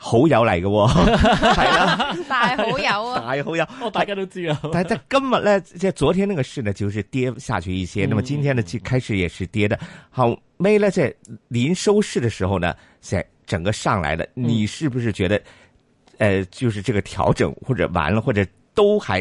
好友嚟嘅，係 啦大家， 大好友啊，大好友，我大家都知啊。但係在今日咧，即係昨天那個市呢，就是跌下去一些、嗯。那麼今天呢，就開始也是跌的。後尾呢，在臨收市的時候呢，現在整個上來了。你是不是覺得，誒、嗯呃，就是這個調整或者完了或者都還？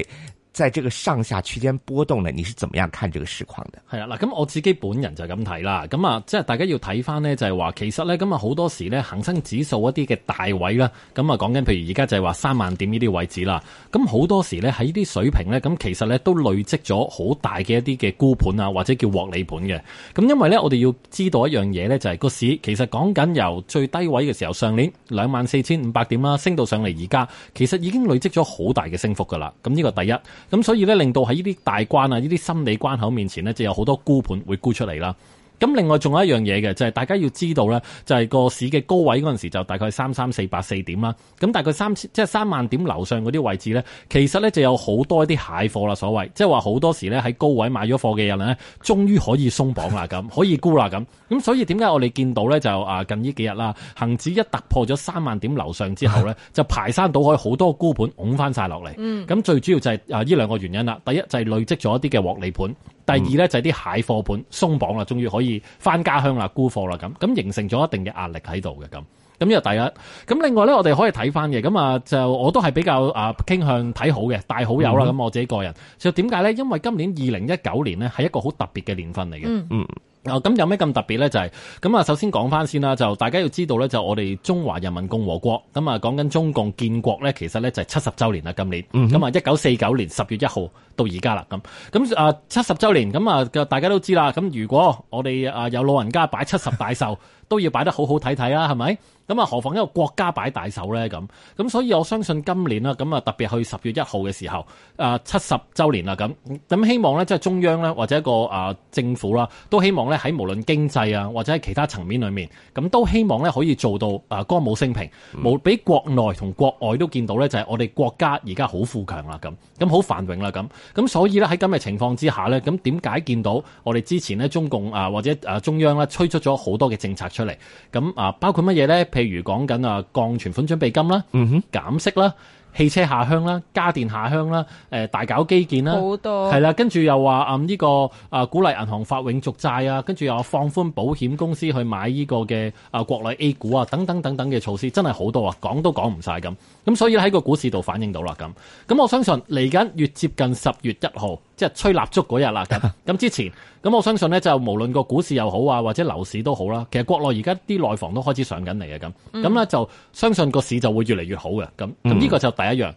在這個上下區間波動呢？你是怎麼樣看這個市況的？係啦，嗱，咁我自己本人就咁睇啦。咁啊，即係大家要睇翻呢，就係話其實呢，咁啊好多時呢，恒生指數一啲嘅大位啦，咁啊講緊譬如而家就係話三萬點呢啲位置啦。咁好多時呢，喺呢啲水平呢，咁其實呢，都累積咗好大嘅一啲嘅沽盤啊，或者叫獲利盤嘅。咁因為呢，我哋要知道一樣嘢呢，就係、是、個市其實講緊由最低位嘅時候，上年兩萬四千五百點啦、啊，升到上嚟而家，其實已經累積咗好大嘅升幅噶啦。咁呢個第一。咁所以咧，令到喺呢啲大關啊、呢啲心理關口面前咧，就有好多沽盤會沽出嚟啦。咁另外仲有一樣嘢嘅，就係大家要知道咧，就係個市嘅高位嗰陣時，就大概三三四八四點啦。咁大概三千即係三萬點樓上嗰啲位置咧，其實咧就有好多一啲蟹貨啦，所謂即係話好多時咧喺高位買咗貨嘅人咧，終於可以鬆綁啦，咁可以沽啦，咁咁所以點解我哋見到咧就啊近呢幾日啦，恒指一突破咗三萬點樓上之後咧，就排山倒海好多個沽盤拱翻曬落嚟。咁最主要就係啊呢兩個原因啦。第一就係累積咗一啲嘅獲利盤。第二咧就係啲蟹貨盤鬆綁啦，終於可以翻家鄉啦，沽貨啦咁，咁形成咗一定嘅壓力喺度嘅咁，咁呢個第一。咁另外咧，我哋可以睇翻嘅咁啊，就我都係比較啊傾向睇好嘅大好友啦。咁、嗯、我自己個人，就點解咧？因為今年二零一九年咧係一個好特別嘅年份嚟嘅，嗯。嗯。咁、啊、有咩咁特別呢？就係咁啊，首先講翻先啦，就大家要知道呢，就我哋中華人民共和國咁啊，講緊中共建國呢，其實呢就係七十周年啦，今年。咁、嗯、啊，一九四九年十月一號到而家啦，咁咁啊七十周年，咁啊大家都知啦，咁如果我哋啊、呃、有老人家擺七十大壽， 都要擺得好好睇睇啦，係咪？咁啊，何況一個國家擺大手呢？咁，咁所以我相信今年啦，咁啊特別去十月一號嘅時候，啊七十週年啦咁，咁希望呢，即係中央呢，或者一個啊政府啦，都希望呢，喺無論經濟啊或者喺其他層面裏面，咁都希望呢，可以做到啊歌舞升平，無俾國內同國外都見到呢，就係我哋國家而家好富強啦咁，咁好繁榮啦咁，咁所以呢，喺今日情況之下呢，咁點解見到我哋之前呢，中共啊或者啊中央呢，推出咗好多嘅政策出嚟，咁啊包括乜嘢呢？譬如講緊啊降存款準備金啦，嗯哼，減息啦。汽車下鄉啦，家電下鄉啦，呃，大搞基建啦，好多係啦，跟住又話誒呢個、呃、鼓勵銀行發永續債啊，跟住又放寬保險公司去買呢、呢個嘅誒、呃、國內 A 股啊，等等等等嘅措施，真係好多啊，講都講唔晒咁。咁所以喺個股市度反映到啦咁。咁我相信嚟緊越接近十月一號，即係吹蠟燭嗰日啦。咁之前，咁我相信呢，就無論個股市又好啊，或者樓市都好啦。其實國內而家啲內房都開始上緊嚟嘅咁。咁咧就相信個市就會越嚟越好嘅咁。咁呢、嗯、個就第一樣，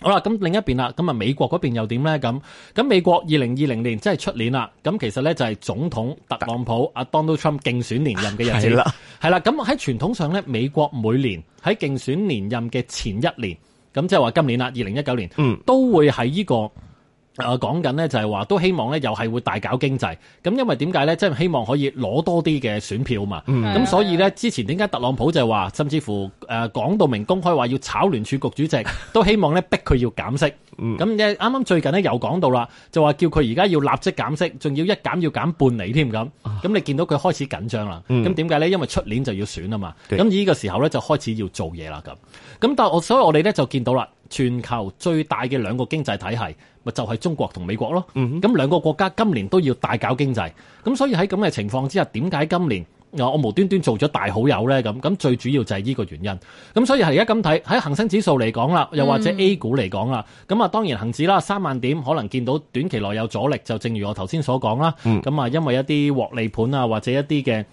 好啦，咁另一邊啦，咁啊美國嗰邊又點咧？咁，咁美國二零二零年即係出年啦，咁其實咧就係總統特朗普阿 Donald Trump 競選連任嘅日子，係啦，係啦，咁喺傳統上咧，美國每年喺競選連任嘅前一年，咁即係話今年啦，二零一九年，嗯，都會喺呢個。誒講緊呢就係話都希望呢又係會大搞經濟咁，因為點解呢？即係希望可以攞多啲嘅選票嘛。咁、嗯嗯、所以呢，之前點解特朗普就係話，甚至乎誒講、呃、到明公開話要炒聯儲局主席， 都希望呢逼佢要減息。咁啱啱最近呢又講到啦，就話叫佢而家要立即減息，仲要一減要減半厘添咁。咁你見到佢開始緊張啦。咁點解呢？因為出年就要選啊嘛。咁呢個時候呢，就開始要做嘢啦。咁咁但係我，所以我哋呢就見到啦，全球最大嘅兩個經濟體系。咪就係、是、中國同美國咯，咁兩個國家今年都要大搞經濟，咁所以喺咁嘅情況之下，點解今年我無端端做咗大好友呢？咁咁最主要就係呢個原因，咁所以係而家咁睇喺恒生指數嚟講啦，又或者 A 股嚟講啦，咁、嗯、啊當然恒指啦三萬點可能見到短期內有阻力，就正如我頭先所講啦，咁啊因為一啲獲利盤啊或者一啲嘅。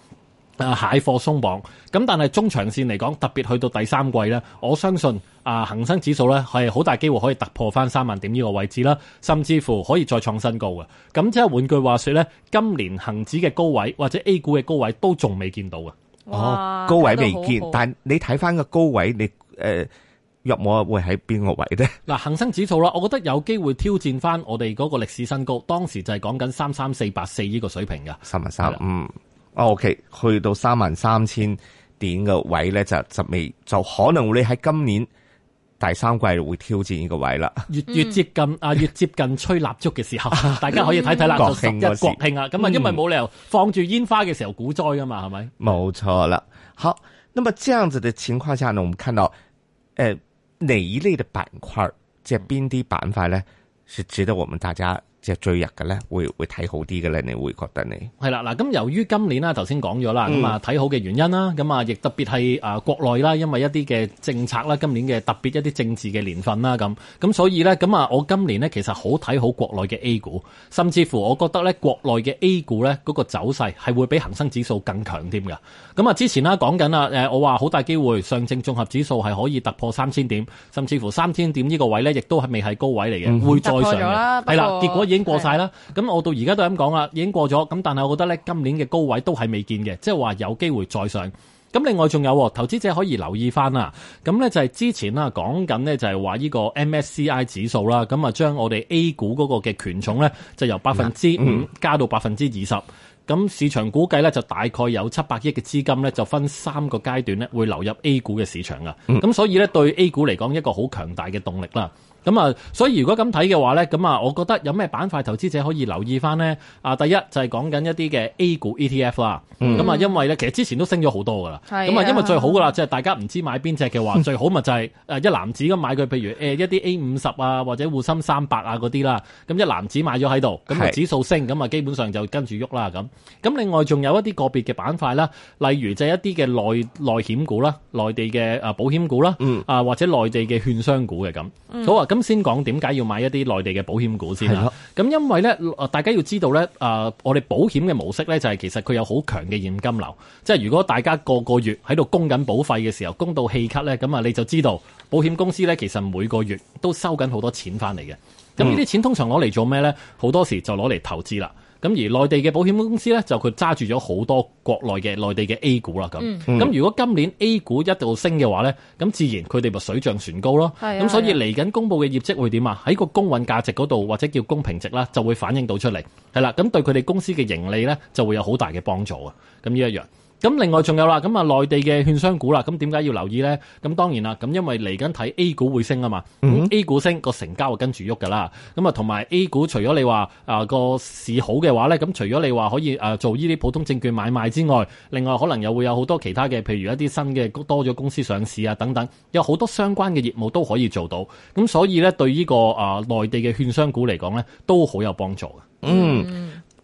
誒，蟹貨鬆綁，咁但係中長線嚟講，特別去到第三季呢，我相信誒恒生指數呢係好大機會可以突破翻三萬點呢個位置啦，甚至乎可以再創新高嘅。咁即係換句話說呢，今年恒指嘅高位或者 A 股嘅高位都仲未見到㗎，哦，高位未見，但你睇翻個高位，你誒若、呃、我會喺邊個位呢？嗱，恒生指數啦，我覺得有機會挑戰翻我哋嗰個歷史新高，當時就係講緊三三四八四呢個水平噶，三萬三嗯。OK，去到三萬三千點嘅位咧，就就未就可能你喺今年第三季會挑戰呢個位啦。越越接近啊，越接近、啊、 越接近吹蠟燭嘅時候，大家可以睇睇蠟燭，就十一國慶啊，咁、嗯、啊，因為冇理由放住煙花嘅時候股災噶嘛，係、嗯、咪？冇錯啦。好，那麼這樣子的情況下呢，我們看到誒、呃，哪一類的板塊即係邊啲板塊咧，是值得我們大家？即係最弱嘅咧，會會睇好啲嘅咧，你會覺得你係啦嗱，咁由於今年啦，頭先講咗啦，咁啊睇好嘅原因啦，咁啊亦特別係誒國內啦，因為一啲嘅政策啦，今年嘅特別一啲政治嘅年份啦，咁咁所以咧，咁啊我今年呢，其實好睇好國內嘅 A 股，甚至乎我覺得咧國內嘅 A 股咧嗰個走勢係會比恒生指數更強添㗎。咁啊之前啦講緊啊，誒我話好大機會上證綜合指數係可以突破三千點，甚至乎三千點呢個位咧亦都係未係高位嚟嘅，嗯，會再上嘅係啦，結果。已經過晒啦，咁我到而家都係咁講啦，已經過咗，咁但係我覺得呢今年嘅高位都係未見嘅，即係話有機會再上。咁另外仲有，投資者可以留意翻啦。咁呢就係之前啦，講緊呢就係話呢個 MSCI 指數啦，咁啊將我哋 A 股嗰個嘅權重呢，就由百分之五加到百分之二十。咁市場估計呢，就大概有七百億嘅資金呢，就分三個階段呢會流入 A 股嘅市場噶。咁所以呢，對 A 股嚟講，一個好強大嘅動力啦。咁啊，所以如果咁睇嘅話咧，咁啊，我覺得有咩板塊投資者可以留意返咧？啊，第一就係講緊一啲嘅 A 股 ETF 啦。咁、嗯、啊，因為咧，其實之前都升咗好多噶啦。咁、嗯、啊，因為最好噶啦，即、嗯、係、就係、大家唔知買邊隻嘅話、嗯，最好咪就係、係、一籃子咁買佢，譬如一啲 A 五十啊，或者滬深三百啊嗰啲啦。咁一籃子買咗喺度，咁啊指數升，咁啊基本上就跟住喐啦咁。咁另外仲有一啲個別嘅板塊啦，例如就係一啲嘅內內險股啦，內地嘅保險股啦，嗯、啊或者內地嘅券商股嘅咁。啊。嗯咁先講點解要買一啲內地嘅保險股先啦。咁因為呢，大家要知道呢，誒，我哋保險嘅模式呢，就係其實佢有好強嘅現金流。即係如果大家個個月喺度供緊保費嘅時候，供到氣咳呢，咁啊你就知道保險公司呢，其實每個月都收緊好多錢翻嚟嘅。咁呢啲錢通常攞嚟做咩呢？好多時就攞嚟投資啦。咁而內地嘅保險公司咧，就佢揸住咗好多國內嘅內地嘅 A 股啦，咁、嗯、咁如果今年 A 股一度升嘅話咧，咁自然佢哋咪水漲船高咯，咁、嗯、所以嚟緊公佈嘅業績會點啊？喺個公允價值嗰度或者叫公平值啦，就會反映到出嚟，係啦，咁對佢哋公司嘅盈利咧就會有好大嘅幫助啊，咁呢一樣。咁另外仲有啦，咁啊，內地嘅券商股啦，咁點解要留意呢？咁當然啦，咁因為嚟緊睇 A 股會升啊嘛、mm-hmm.，A 股升個成交會跟住喐噶啦。咁啊，同埋 A 股除咗你話啊個市好嘅話呢，咁除咗你話可以誒做呢啲普通證券買賣之外，另外可能又會有好多其他嘅，譬如一啲新嘅多咗公司上市啊等等，有好多相關嘅業務都可以做到。咁所以呢、這個，對呢個啊內地嘅券商股嚟講呢，都好有幫助嘅。嗯、mm-hmm.。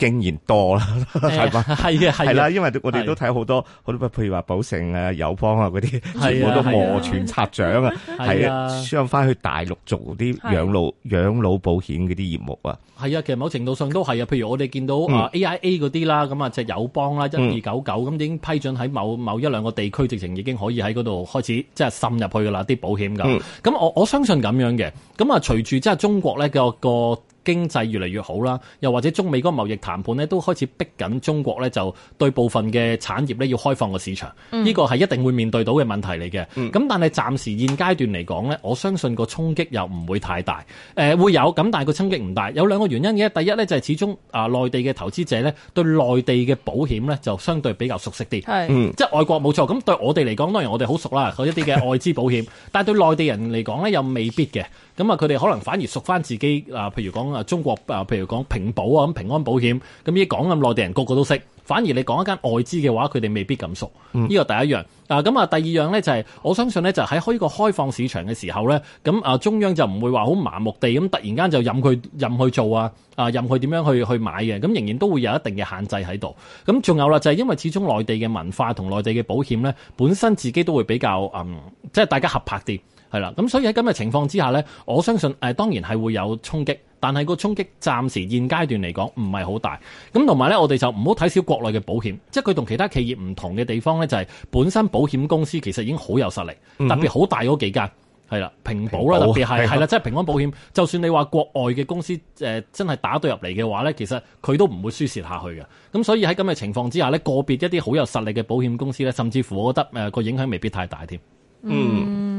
經驗多啦，係、欸、嘛？係嘅，啦，因為我哋都睇好多，好多譬如話保誠啊、友邦啊嗰啲，全部都摩拳擦掌啊，係啊，上翻去大陸做啲養老、養老保險嗰啲業務啊。係啊，其實某程度上都係啊，譬如我哋見到啊 AIA 嗰啲啦，咁啊隻友邦啦，一二九九咁已經批准喺某某一兩個地區，直情已經可以喺嗰度開始即係滲入去噶啦啲保險咁。咁、嗯、我我相信咁樣嘅。咁啊，隨住即係中國咧個、那個。經濟越嚟越好啦，又或者中美嗰個貿易談判呢都開始逼緊中國呢，就對部分嘅產業呢要開放個市場，呢個係一定會面對到嘅問題嚟嘅。咁、嗯、但係暫時現階段嚟講呢，我相信個衝擊又唔會太大。誒、呃，會有咁，但係個衝擊唔大，有兩個原因嘅。第一呢，就係始終啊，內地嘅投資者呢對內地嘅保險呢就相對比較熟悉啲，嗯，即係外國冇錯。咁對我哋嚟講當然我哋好熟啦，有一啲嘅外資保險， 但係對內地人嚟講呢又未必嘅。咁啊佢哋可能反而熟翻自己啊，譬如講。中國啊，譬如講平保啊，咁平安保險咁呢講咁內地人個個都識，反而你講一間外資嘅話，佢哋未必咁熟。呢個第一樣。啊、嗯，咁啊，第二樣呢，就係、是、我相信呢，就喺開個開放市場嘅時候呢，咁啊中央就唔會話好麻木地咁突然間就任佢任去做啊，啊任佢點樣去去買嘅，咁仍然都會有一定嘅限制喺度。咁仲有啦，就係、是、因為始終內地嘅文化同內地嘅保險呢，本身自己都會比較啊、嗯，即係大家合拍啲。係啦，咁所以喺咁嘅情況之下呢，我相信誒、呃、當然係會有衝擊，但係個衝擊暫時現階段嚟講唔係好大。咁同埋呢，我哋就唔好睇少國內嘅保險，即係佢同其他企業唔同嘅地方呢，就係本身保險公司其實已經好有實力，嗯、特別好大嗰幾間，係啦，平保啦，特別係係啦，即係、就是、平安保險，就算你話國外嘅公司誒、呃、真係打到入嚟嘅話呢，其實佢都唔會輸蝕下去嘅。咁所以喺咁嘅情況之下呢，個別一啲好有實力嘅保險公司呢，甚至乎我覺得個、呃、影響未必太大添。嗯。嗯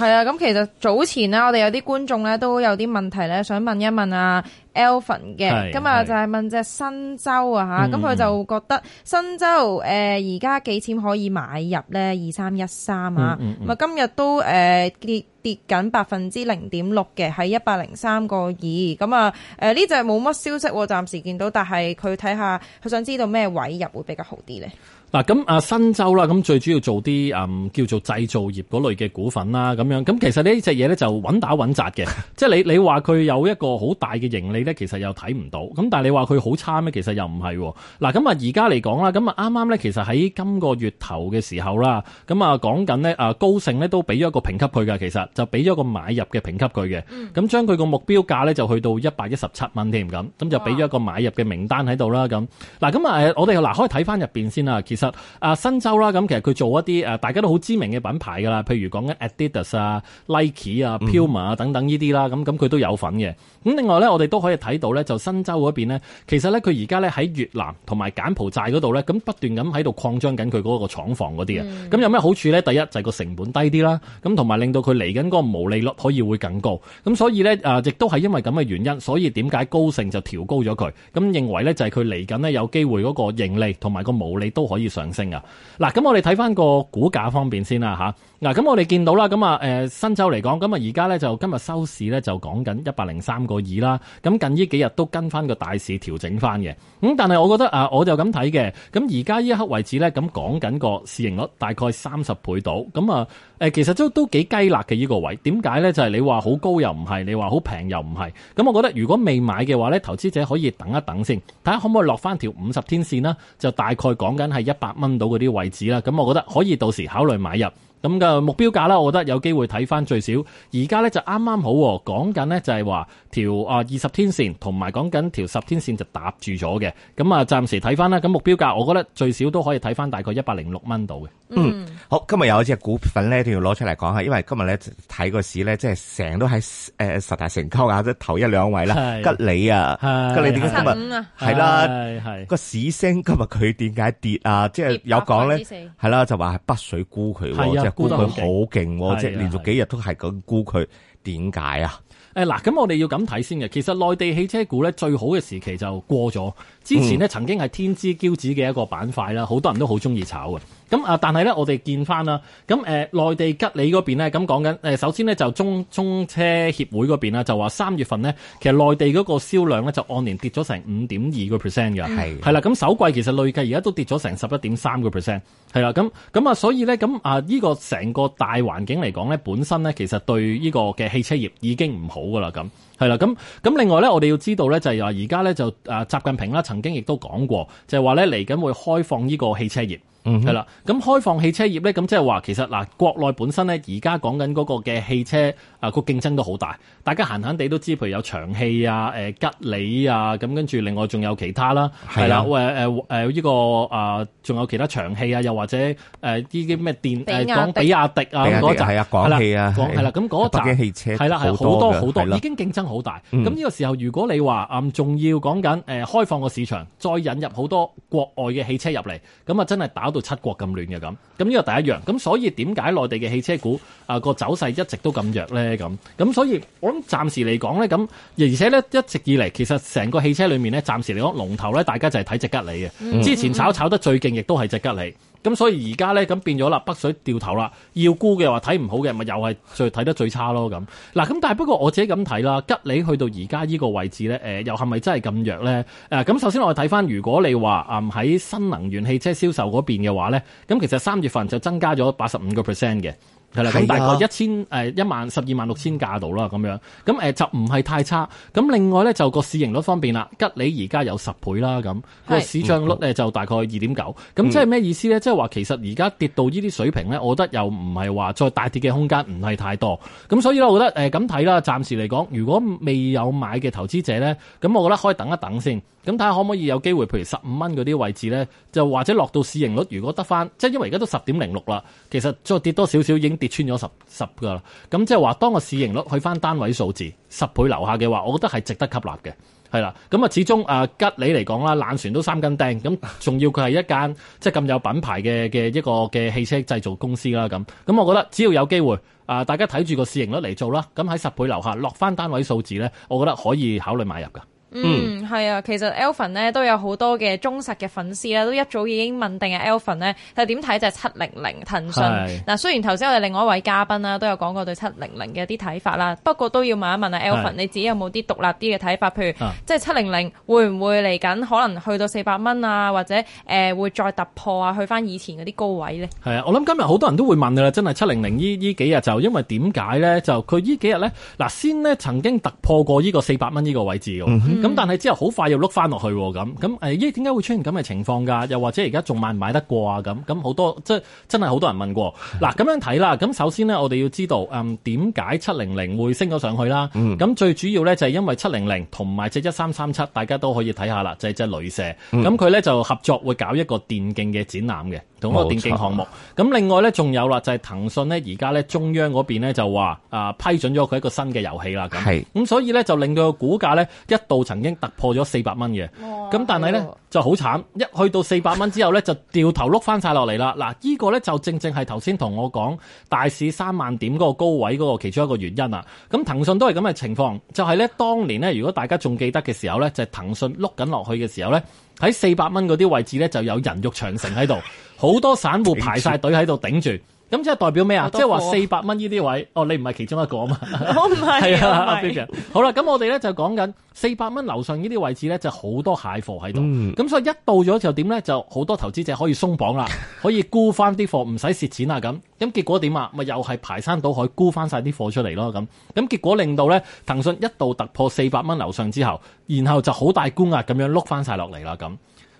係啊，咁其實早前呢，我哋有啲觀眾咧都有啲問題咧，想問一問啊，Alvin 嘅，咁啊就係問隻申洲啊，咁佢就覺得申洲誒而家幾錢可以買入咧？二三一三啊，咁、嗯、啊、嗯嗯、今日都誒、呃、跌跌緊百分之零點六嘅，喺一百零三個二，咁啊誒呢隻冇乜消息，暫時見到，但係佢睇下佢想知道咩位入會比較好啲咧？嗱咁啊新洲啦，咁最主要做啲嗯叫做製造業嗰類嘅股份啦，咁樣咁其實呢隻嘢咧就穩打穩紮嘅，即係你你話佢有一個好大嘅盈利咧，其實又睇唔到，咁但係你話佢好差咩？其實又唔係喎。嗱咁啊而家嚟講啦，咁啊啱啱咧其實喺今個月頭嘅時候啦，咁啊講緊咧啊高盛咧都俾咗一個評級佢㗎，其實就俾咗個買入嘅評級佢嘅，咁將佢個目標價咧就去到一百一十七蚊添咁，咁就俾咗一個買入嘅、嗯、名單喺度啦咁。嗱咁啊，啊我哋嗱、啊、可以睇翻入邊先啊，其實。啊，新洲啦，咁其實佢做一啲誒大家都好知名嘅品牌㗎啦，譬如講緊 Adidas 啊、Nike 啊、Puma 啊等等呢啲啦，咁咁佢都有份嘅。咁另外咧，我哋都可以睇到咧，就新洲嗰邊咧，其實咧佢而家咧喺越南同埋柬埔寨嗰度咧，咁不斷咁喺度擴張緊佢嗰個廠房嗰啲啊。咁、嗯、有咩好處咧？第一就係個成本低啲啦，咁同埋令到佢嚟緊嗰個毛利率可以會更高。咁所以咧誒，亦都係因為咁嘅原因，所以點解高盛就調高咗佢？咁認為咧就係佢嚟緊呢，有機會嗰個盈利同埋個毛利都可以上升啊！嗱，咁我哋睇翻個股價方面先啦，吓嗱，咁我哋見到啦，咁啊，誒，新周嚟講，咁啊，而家咧就今日收市咧就講緊一百零三個二啦，咁近呢幾日都跟翻個大市調整翻嘅，咁、嗯、但係我覺得啊，我就咁睇嘅，咁而家呢一刻位置咧，咁講緊個市盈率大概三十倍度，咁啊，誒，其實都都幾雞肋嘅呢個位，點解咧？就係你話好高又唔係，你話好平又唔係，咁我覺得如果未買嘅話咧，投資者可以等一等先，睇下可唔可以落翻條五十天線啦，就大概講緊係一。百蚊到嗰啲位置啦，咁我覺得可以到時考慮買入。咁嘅目標價啦，我覺得有機會睇翻最少。而家咧就啱啱好，講緊呢，就係話條啊二十天線同埋講緊條十天線就搭住咗嘅。咁啊，暫時睇翻啦。咁目標價，我覺得最少都可以睇翻大概一百零六蚊度嘅。嗯，好，今日有一隻股份呢，都要攞出嚟講下，因為今日咧睇個市咧，即係成都喺誒十大成交額即頭一兩位啦。吉利啊，吉利點、啊、解今日係啦？係、係個市升，今日佢點解跌啊？即係有講咧，係啦，就話、係、北水沽佢。估得佢好勁喎，即係連續幾日都係咁估佢點解啊？誒，嗱，咁我哋要咁睇先嘅。其實內地汽車股咧最好嘅時期就過咗。之前咧曾經係天之驕子嘅一個板塊啦，好多人都好中意炒嘅。咁啊，但係呢，我哋見翻啦。咁誒，內地吉利嗰邊咧咁講緊誒，首先呢，就中中車協會嗰邊啦，就話三月份呢，其實內地嗰個銷量呢，就按年跌咗成五點二個 percent 㗎。係係啦，咁首季其實累計而家都跌咗成十一點三個 percent。係啦，咁咁啊，所以呢，咁啊，呢個成個大環境嚟講呢，本身呢，其實對呢個嘅汽車業已經唔好㗎啦咁。係啦，咁咁另外咧，我哋要知道咧，就係話而家咧就啊，習近平啦，曾經亦都講過，就係話咧嚟緊會開放呢個汽車業。嗯，係啦，咁開放汽車業咧，咁即係話其實嗱、啊，國內本身咧而家講緊嗰個嘅汽車啊個競爭都好大，大家閒閒地都知，譬如有長汽啊、誒、呃、吉利啊，咁跟住另外仲有其他啦，係啦，誒誒誒呢個啊，仲、啊啊這個啊、有其他長汽啊，又或者誒呢啲咩電比、啊、講比亞迪啊，嗰一集係啊，廣、啊、汽啊，啦、啊，咁嗰一站係啦，係好、啊啊啊、多好、啊、多，多、啊，已經競爭好大。咁、嗯、呢個時候如果你話仲、啊、要講緊誒開放個市場，再引入好多國外嘅汽車入嚟，咁啊真係打。到七國咁亂嘅咁，咁呢個第一樣，咁所以點解內地嘅汽車股啊，個走勢一直都咁弱咧？咁咁所以我諗暫時嚟講咧，咁而且咧一直以嚟，其實成個汽車裏面咧，暫時嚟講龍頭咧，大家就係睇隻吉利嘅、嗯，之前炒炒得最勁，亦都係隻吉利。咁所以而家呢，咁變咗啦，北水掉頭啦，要沽嘅話睇唔好嘅，咪又係最睇得最差咯咁。嗱，咁但係不過我自己咁睇啦，吉利去到而家呢個位置呢、呃，又係咪真係咁弱呢？誒、呃，咁首先我哋睇翻，如果你話喺、嗯、新能源汽車銷售嗰邊嘅話呢，咁其實三月份就增加咗八十五個 percent 嘅。係啦，咁大概一千誒一萬十二萬六千價度啦，咁樣，咁誒就唔係太差。咁另外咧就個市盈率方面啦，吉利而家有十倍啦，咁個市漲率呢，就大概二點九。咁即係咩意思咧？即係話其實而家跌到呢啲水平咧，我覺得又唔係話再大跌嘅空間唔係太多。咁所以咧，我覺得誒咁睇啦，暫時嚟講，如果未有買嘅投資者咧，咁我覺得可以等一等先，咁睇下可唔可以有機會，譬如十五蚊嗰啲位置咧，就或者落到市盈率，如果得返，即係因為而家都十點零六啦，其實再跌多少少跌穿咗十十噶啦，咁即係話當個市盈率去翻單位數字十倍樓下嘅話，我覺得係值得吸納嘅，係啦。咁啊，始終啊吉利嚟講啦，爛船都三根釘，咁仲要佢係一間即係咁有品牌嘅嘅一個嘅汽車製造公司啦，咁咁，我覺得只要有機會啊，大家睇住個市盈率嚟做啦，咁喺十倍樓下落翻單位數字呢，我覺得可以考慮買入噶。嗯，係啊，其實 Alvin 咧，都有好多嘅忠實嘅粉絲啦，都一早已經問定啊 Alvin 咧，就點睇就係七零零騰訊。嗱，雖然頭先我哋另外一位嘉賓啦都有講過對七零零嘅一啲睇法啦，不過都要問一問啊 Alvin 你自己有冇啲獨立啲嘅睇法？譬如即係七零零會唔會嚟緊可能去到四百蚊，啊，或者誒、呃、會再突破啊，去翻以前嗰啲高位咧？係啊，我諗今日好多人都會問噶啦，真係七零零呢依幾日就因為點解咧？就佢呢幾日咧，嗱，先呢曾經突破過呢個四百蚊呢個位置，嗯咁、嗯、但係之後好快又碌翻落去咁咁誒？咦？點、欸、解會出現咁嘅情況㗎？又或者而家仲買唔買得過啊？咁咁好多即係真係好多人問過。嗱、嗯，咁樣睇啦。咁首先呢，我哋要知道嗯點解七零零會升咗上去啦。咁、嗯、最主要呢，就係因為七零零同埋隻一三三七，大家都可以睇下啦，就係隻雷蛇。咁佢呢，就合作會搞一個電競嘅展覽嘅，同個電競項目。咁、啊、另外呢，仲有啦，就係騰訊呢而家呢，中央嗰邊呢，就話啊批准咗佢一個新嘅遊戲啦。係。咁、嗯、所以呢，就令到個股價呢，一度。曾經突破咗四百蚊嘅，咁但係呢就好慘，一去到四百蚊之後呢，就掉頭碌翻晒落嚟啦。嗱，呢個呢就正正係頭先同我講大市三萬點嗰個高位嗰個其中一個原因啦。咁騰訊都係咁嘅情況，就係呢當年呢，如果大家仲記得嘅時候呢，就係騰訊碌緊落去嘅時候呢，喺四百蚊嗰啲位置呢，就有人肉長城喺度，好 多散戶排晒隊喺度頂住。頂住。咁即係代表咩啊即係話四百蚊呢啲位，哦，你唔係其中一個啊嘛？我唔係。係啊， 啊 啊 啊 好啦，咁我哋咧就講緊四百蚊樓上呢啲位置咧，就好多蟹貨喺度。咁、嗯、所以一到咗就點咧，就好多投資者可以鬆綁啦，可以沽翻啲貨，唔使蝕錢啦咁。咁結果點啊？咪又係排山倒海沽翻晒啲貨出嚟咯咁。咁結果令到咧，騰 訊一度突破四百蚊樓上之後，然後就好大沽壓咁樣碌翻晒落嚟啦咁。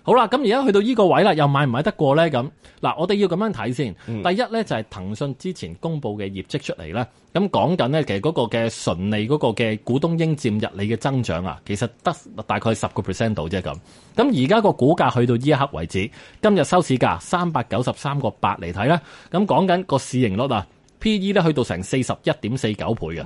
好啦，咁而家去到呢個位啦，又買唔買得過咧？咁嗱，我哋要咁樣睇先、嗯。第一咧就係騰訊之前公布嘅業績出嚟啦，咁講緊咧其實嗰個嘅純利嗰個嘅股東應佔日利嘅增長啊，其實得大概十個 percent 度啫咁。咁而家個股價去到呢一刻為止，今日收市價三百九十三個八嚟睇呢。咁講緊個市盈率啊，P E 咧去到成四十一點四九倍嘅。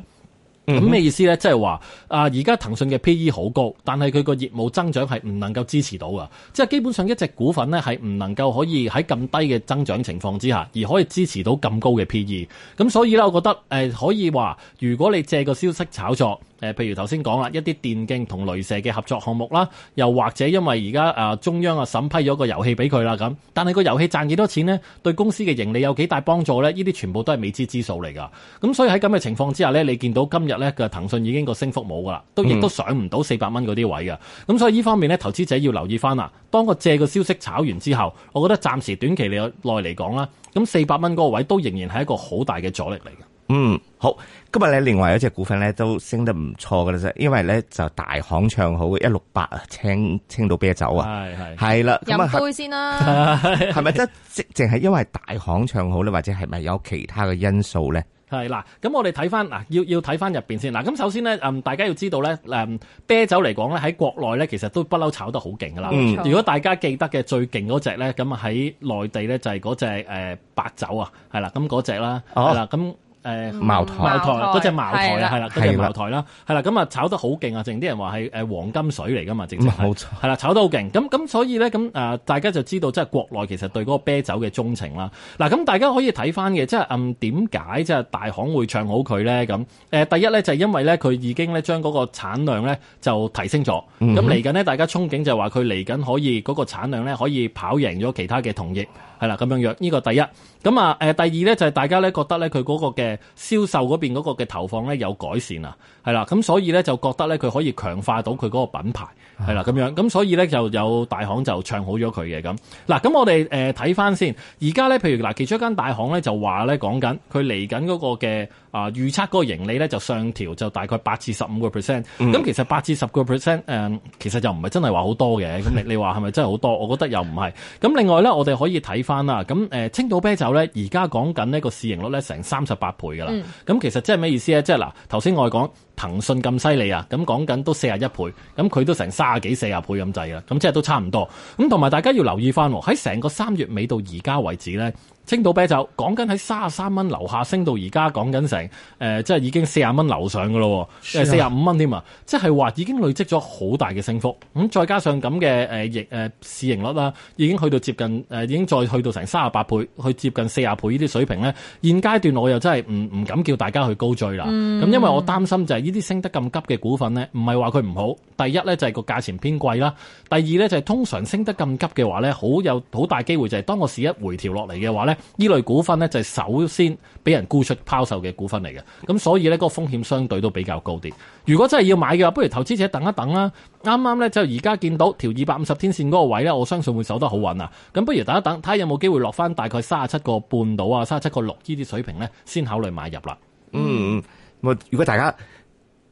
咁咩意思呢？即係話，啊，而家騰訊嘅 P/E 好高，但係佢個業務增長係唔能夠支持到㗎。即係基本上一隻股份呢，係唔能夠可以喺咁低嘅增長情況之下，而可以支持到咁高嘅 P/E。咁所以呢，我覺得誒、呃，可以話，如果你借個消息炒作。誒，譬如頭先講啦，一啲電競同雷蛇嘅合作項目啦，又或者因為而家誒中央啊審批咗個遊戲俾佢啦咁，但係個遊戲賺幾多錢呢？對公司嘅盈利有幾大幫助呢？呢啲全部都係未知之數嚟噶。咁所以喺咁嘅情況之下呢，你見到今日呢，個騰訊已經個升幅冇噶啦，都亦都上唔到四百蚊嗰啲位㗎。咁所以呢方面呢，投資者要留意翻啦。當個借個消息炒完之後，我覺得暫時短期嚟內嚟講啦，咁四百蚊嗰個位都仍然係一個好大嘅阻力嚟嘅。嗯，好，今日咧，另外有隻股份咧，都升得唔錯噶啦，啫，因為咧就大行唱好，一六八啊，青青島啤酒啊，係係，係、嗯、啦，飲、嗯、杯先啦係咪，係咪真即淨係因為大行唱好咧，或者係咪有其他嘅因素咧？係啦，咁我哋睇翻嗱，要要睇翻入邊先嗱，咁首先咧，大家要知道咧，誒、呃，啤酒嚟講咧喺國內咧，其實都不嬲炒得好勁噶啦。如果大家記得嘅最勁嗰隻咧，咁啊喺內地咧就係嗰隻誒白酒啊，係啦，咁嗰隻啦，係、哦、啦，咁。誒茅台，茅台嗰隻茅台啊，係啦，係茅台啦，係啦，咁啊炒得好勁啊，剩啲人話係誒黃金水嚟噶嘛，直接係，係啦，炒得好勁，咁咁所以咧，咁、呃、誒大家就知道，即係國內其實對嗰個啤酒嘅忠情啦。嗱，咁大家可以睇翻嘅，即係嗯點解即係大行會唱好佢咧？咁誒、呃、第一咧就係、是、因為咧佢已經咧將嗰個產量咧就提升咗，咁嚟緊呢，大家憧憬就係話佢嚟緊可以嗰個產量咧可以跑贏咗其他嘅同業，係啦，咁樣若呢個第一。咁啊，誒第二咧就係大家咧覺得咧佢嗰個嘅銷售嗰邊嗰個嘅投放咧有改善啊，係啦，咁所以咧就覺得咧佢可以強化到佢嗰個品牌，係啦咁樣，咁所以咧就有大行就唱好咗佢嘅咁。嗱，咁我哋誒睇翻先看看，而家咧譬如嗱，其中一間大行咧就話咧講緊佢嚟緊嗰個嘅啊、呃、預測嗰個盈利咧就上調，就大概八至十五個 percent。咁其實八至十個 percent 誒，其實就唔係真係話好多嘅。咁你你話係咪真係好多？我覺得又唔係。咁另外咧，我哋可以睇翻啦，咁誒、呃、青島啤酒。咧而家講緊呢個市盈率咧成三十八倍噶啦，咁、嗯、其實即係咩意思咧？即係嗱，頭先我哋講。騰訊咁犀利啊，咁講緊都四十一倍，咁佢都成三十幾四十倍咁滯啦，咁即係都差唔多，多。咁同埋大家要留意翻喎，喺成個三月尾到而家為止咧，青島啤酒講緊喺三十三蚊樓下升到而家講緊成誒，即係已經四十蚊樓上噶咯，四十五蚊添啊！即係話已經累積咗好大嘅升幅。咁再加上咁嘅誒逆市盈率啦，已經去到接近誒，已經再去到成三十八倍去接近四十倍呢啲水平咧。現階段我又真係唔唔敢叫大家去高追啦。咁因為我擔心就係、是。呢啲升得咁急嘅股份呢，唔係話佢唔好。第一呢，就係個價錢偏貴啦，第二呢，就係、是、通常升得咁急嘅話呢，好有好大機會就係當我市一回調落嚟嘅話呢。呢類股份呢，就係、是、首先俾人沽出拋售嘅股份嚟嘅。咁所以呢，嗰、那個風險相對都比較高啲。如果真係要買嘅話，不如投資者等一等啦、啊。啱啱呢，就而家見到條二百五十天線嗰個位呢，我相信會守得好穩啊。咁不如等一等，睇下有冇機會落翻大概三十七個半度啊，三十七個六呢啲水平呢，先考慮買入啦、嗯。嗯，如果大家。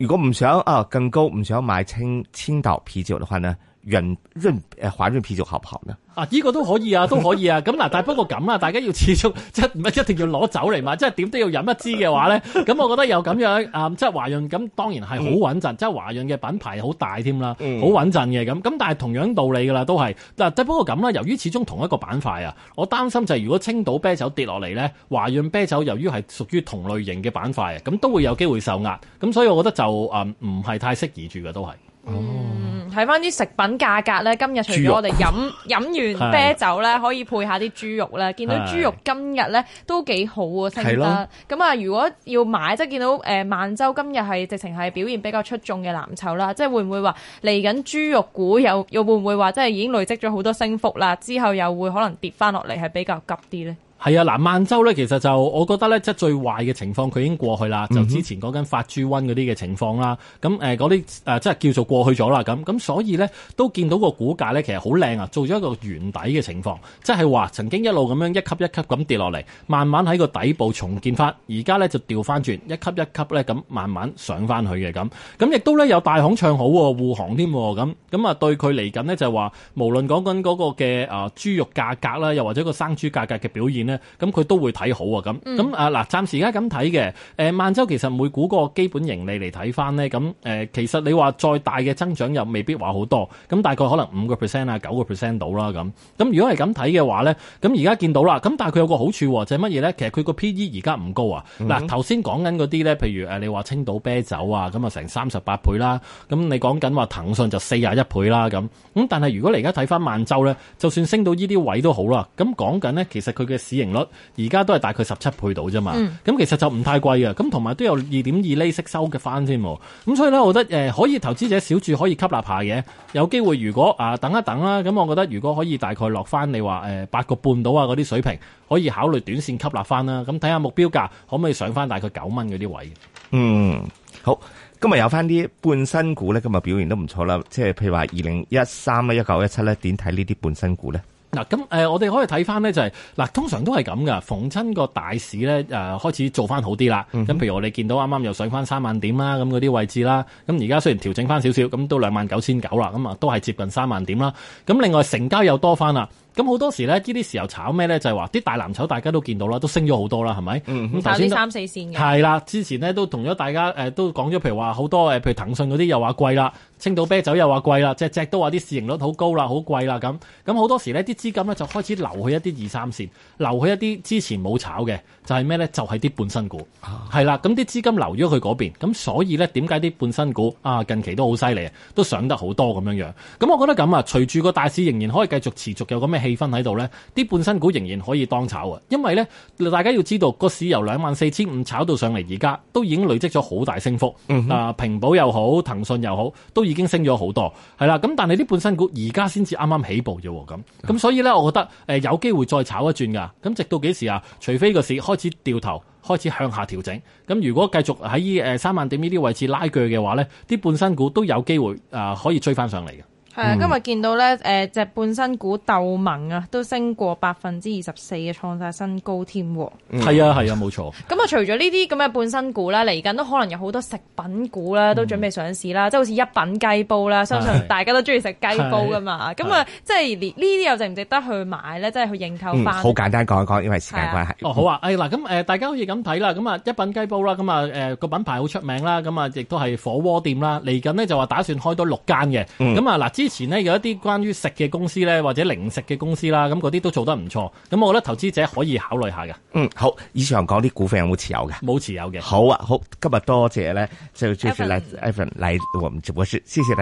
如果唔想啊更高，唔想買青青島啤酒嘅話呢？人潤誒、啊、華潤啤酒合唔合呢？啊，呢個都可以啊，都可以啊。咁嗱，但係不過咁啊，大家要始終即係唔係一定要攞酒嚟嘛？即係點都要飲一支嘅話咧，咁我覺得有咁樣啊、嗯，即係華潤咁當然係好穩陣，即係華潤嘅品牌好大添啦，好穩陣嘅咁。咁但係同樣道理噶啦，都係嗱，但不過咁啦，由於始終同一個板塊啊，我擔心就係如果青島啤酒跌落嚟咧，華潤啤酒由於係屬於同類型嘅板塊，咁都會有機會受壓。咁所以我覺得就誒唔係太適宜住嘅都係。嗯，睇翻啲食品價格咧，今日除咗我哋飲飲完啤酒咧，可以配下啲豬肉啦，見到豬肉今日咧都幾好啊，升啦。咁啊，如果要買，即係見到誒萬洲今日係直情係表現比較出眾嘅藍籌啦，即係會唔會話嚟緊豬肉股又又會唔會話即係已經累積咗好多升幅啦？之後又會可能跌翻落嚟係比較急啲咧？係啊，嗱，萬洲咧，其實就我覺得咧，即係最壞嘅情況佢已經過去啦、嗯。就之前講緊發豬瘟嗰啲嘅情況啦，咁誒嗰啲誒即係叫做過去咗啦。咁咁所以咧都見到個股價咧其實好靚啊，做咗一個圓底嘅情況，即係話曾經一路咁樣一級一級咁跌落嚟，慢慢喺個底部重建翻，而家咧就掉翻轉，一級一級咧咁慢慢上翻去嘅咁，咁亦都咧有大行唱好喎，護航添喎，咁咁啊對佢嚟緊呢，就話無論講緊嗰個嘅誒、呃、豬肉價格啦，又或者個生豬價格嘅表現咧。咁佢都會睇好啊，咁咁、嗯、啊嗱，暫時而家咁睇嘅，誒萬洲其實每股個基本盈利嚟睇翻咧，咁誒、呃、其實你話再大嘅增長又未必話好多，咁大概可能五個 percent 啊，九個 percent 到啦，咁咁如果係咁睇嘅話咧，咁而家見到啦，咁但係佢有個好處、啊，就係乜嘢咧？其實佢個 P/E 而家唔高啊，嗱頭先講緊嗰啲咧，譬如誒你話青島啤酒啊，咁啊成三十八倍啦，咁你講緊話騰訊就四十一倍啦，咁咁但係如果你而家睇翻萬洲咧，就算升到呢啲位都好啦，咁講緊咧其實佢嘅市率而家都係大概十七倍到啫嘛，咁、嗯、其實就唔太貴嘅，咁同埋都有二點二厘息收嘅翻添，咁所以咧，我覺得誒可以投資者小注，可以吸納下嘅，有機會如果啊等一等啦，咁我覺得如果可以大概落翻你話誒八個半到啊嗰啲水平，可以考慮短線吸納翻啦，咁睇下目標價可唔可以上翻大概九蚊嗰啲位。嗯，好，今日有翻啲半新股咧，今日表現都唔錯啦，即係譬如話二零一三啊、一九一七咧，點睇呢啲半新股咧？嗱咁誒，我哋可以睇翻咧，就係、是、嗱，通常都係咁噶。逢親個大市咧，誒、呃、開始做翻好啲啦。咁、嗯、譬如我哋見到啱啱又上翻三萬點啦，咁嗰啲位置啦。咁而家雖然調整翻少少，咁都兩萬九千九啦，咁啊都係接近三萬點啦。咁另外成交又多翻啦。咁好多時咧，呢啲時候炒咩咧？就係話啲大藍籌大家都見到啦，都升咗好多啦，係咪？嗯，炒啲三四線嘅。係、嗯、啦，之前咧都同咗大家、呃、都講咗，譬如話好多誒，譬如騰訊嗰啲又話貴啦。青島啤酒又話貴啦，隻隻都話啲市盈率好高啦，好貴啦咁。咁好多時呢啲資金呢，就開始流去一啲二三線，流去一啲之前冇炒嘅，就係、是、咩呢？就係、是、啲半新股，係、啊、啦。咁啲資金流咗去嗰邊，咁所以呢，點解啲半新股啊近期都好犀利，都上得好多咁樣樣。咁我覺得咁啊，隨住個大市仍然可以繼續持續有個咩氣氛喺度呢，啲半新股仍然可以當炒啊。因為呢，大家要知道個市由兩萬四千五炒到上嚟而家，都已經累積咗好大升幅。平、嗯、啊，平保又好，騰訊又好，都已經升咗好多，係啦，咁但係啲半新股而家先至啱啱起步啫，咁咁所以呢，我覺得誒有機會再炒一轉噶，咁直到幾時啊？除非個市開始掉頭，開始向下調整，咁如果繼續喺誒三萬點呢啲位置拉鋸嘅話呢，啲半新股都有機會誒可以追翻上嚟嘅。係啊，今日見到咧，誒、呃、隻半新股鬥猛啊，都升過百分之二十四嘅，創曬新高添。係、嗯、啊，係啊，冇錯。咁啊，除咗呢啲咁嘅半新股啦，嚟緊都可能有好多食品股啦，都準備上市啦、嗯，即係好似一品雞煲啦，相信大家都中意食雞煲㗎嘛。咁啊、嗯嗯，即係呢啲又值唔值得去買咧？即係去認購返。好、嗯、簡單講一講，因為時間關係、啊。嗯、哦，好啊。嗱，咁大家好似咁睇啦。咁啊，一品雞煲啦，咁啊個品牌好出名啦，咁啊亦都係火鍋店啦。嚟緊呢，就話打算開多六間嘅。咁啊嗱，之前咧有一啲關於食嘅公司咧，或者零食嘅公司啦，咁啲都做得唔錯，咁我覺得投資者可以考慮下嘅。嗯，好，以上講啲股份有冇持有嘅？冇持有嘅。好啊，好，今日多謝咧，就謝謝 Evan 嚟我們直播室，謝謝大家。